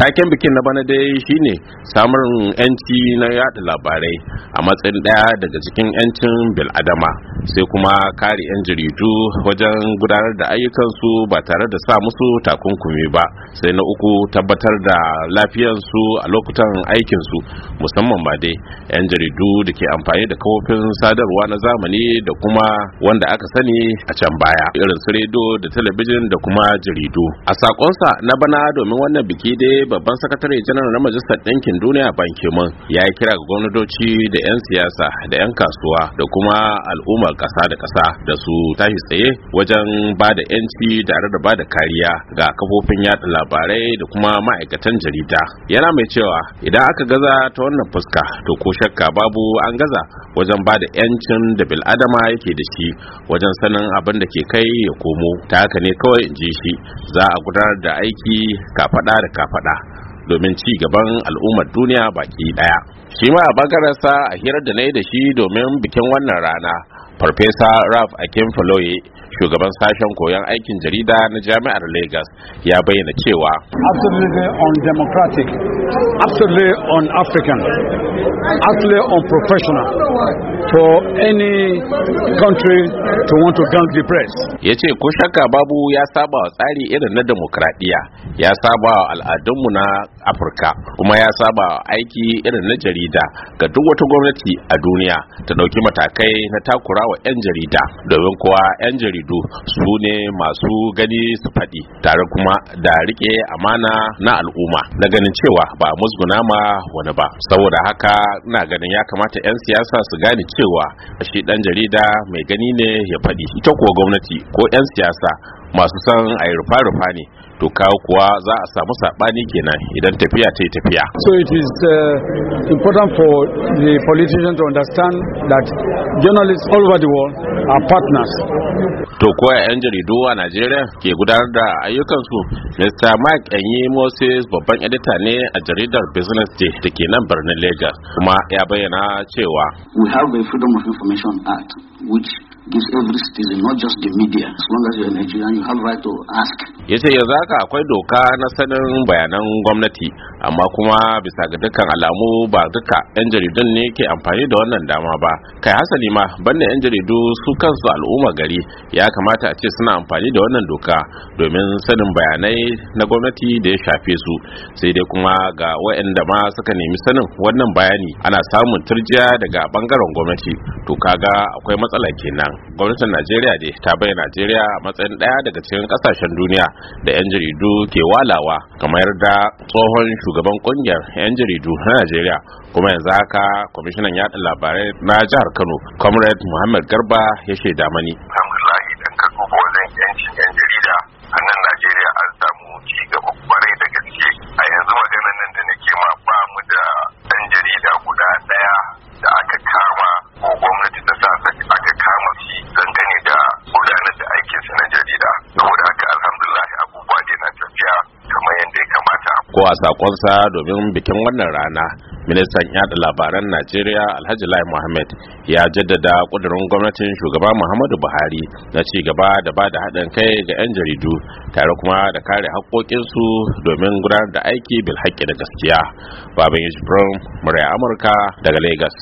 taken bikin na bana dai shine samun yanci na yada labarai a matsayin daya daga cikin yancin bil'adama sai kuma kare yan jaridu wajen gudanar da ayyukansu ba tare da sa musu takunkumi ba sai na uku tabbatar da su a lokutan aikinsu musamman ma dai yan jaridu da ke amfani da kafofin sadarwa na zamani da kuma wanda aka sani a can baya irin su rediyo da talabijin da kuma jaridu a sakonsa na bana domin wannan biki dai babban sakatare janar na majalisar ɗinkin duniya ban kimin ya yi kira ga gwamnatoci da 'yan siyasa da 'yan kasuwa da kuma al'ummar ƙasa da ƙasa da su tashi tsaye wajen ba da 'yanci tare da ba da kariya ga kafofin yada labarai da kuma ma'aikatan jarida yana mai cewa idan aka gaza ta wannan fuska to ko shakka babu an gaza wajen ba da 'yancin da bil'adama yake da shi wajen sanin abin da ke kai ya komo ta haka ne kawai in ji shi za a gudanar da aiki kafaɗa da kafaɗa. domin ci gaban al'ummar duniya baki daya shi ma a bangarensa a hirar da na yi da shi domin bikin wannan rana farfesa raf akin faloye shugaban sashen koyon aikin jarida na jami'ar Lagos ya bayyana cewa absolutely democratic absolutely on african absolutely professional for any country to want to gang the press ya ce ko shakka babu ya saba wa tsari irin na demokradiyya ya saba wa al'adunmu na afirka kuma ya saba wa aiki irin na jarida ga duk wata gwamnati a duniya ta dauki matakai na takurawa 'yan jarida domin kowa 'yan jarida. jaridu su ne masu gani su faɗi tare kuma da rike amana na al'umma na ganin cewa ba musguna ma wani ba saboda haka ina ganin ya kamata 'yan siyasa su gane cewa shi dan jarida mai gani ne ya faɗi ita kuwa gwamnati ko 'yan siyasa masu san a yi rufa-rufa ne to kawo kuwa za a samu saɓani kenan idan tafiya ta yi tafiya. So it is uh, important for the politicians to understand that journalists all over the world are partners. To koya 'yan jaridu a Najeriya ke gudanar da ayyukansu, Mr. Mike Enyi Moses babban edita ne a jaridar Business Day da ke nan birnin Lagos, kuma ya bayyana cewa. We have the Freedom of Information Act which gives every citizen, not just the media. As long as you're Nigerian, you have right to ask. Ya ce yanzu haka akwai doka na sanin bayanan gwamnati, amma kuma bisa ga dukkan alamu ba duka 'yan jaridun ne ke amfani da wannan dama ba. Kai hasali ma banda 'yan jaridu su kansu al'umma gari ya kamata a ce suna amfani da wannan doka domin sanin bayanai na gwamnati da ya shafe su. Sai dai kuma ga waɗanda ma suka nemi sanin wannan bayani ana samun turjiya daga bangaren gwamnati. To kaga akwai matsala kenan. gwamnatin najeriya dai ta bayyana najeriya a matsayin ɗaya daga cikin ƙasashen duniya da 'yan jaridu ke walawa kamar da tsohon shugaban ƙungiyar 'yan jaridu na najeriya kuma yanzu haka kwamishinan yaɗa labarai na jihar kano comrade muhammad garba ya shaida mani Ko a sakonsa domin bikin wannan rana ministan yada labaran najeriya alhaji lai muhammad ya jaddada kudurin gwamnatin shugaba muhammadu buhari na ci gaba da ba da haɗin kai ga 'yan jaridu tare kuma da kare haƙoƙinsu domin gudanar da aiki bil haƙƙi da gaskiya babin yusuf murai amurka daga lagos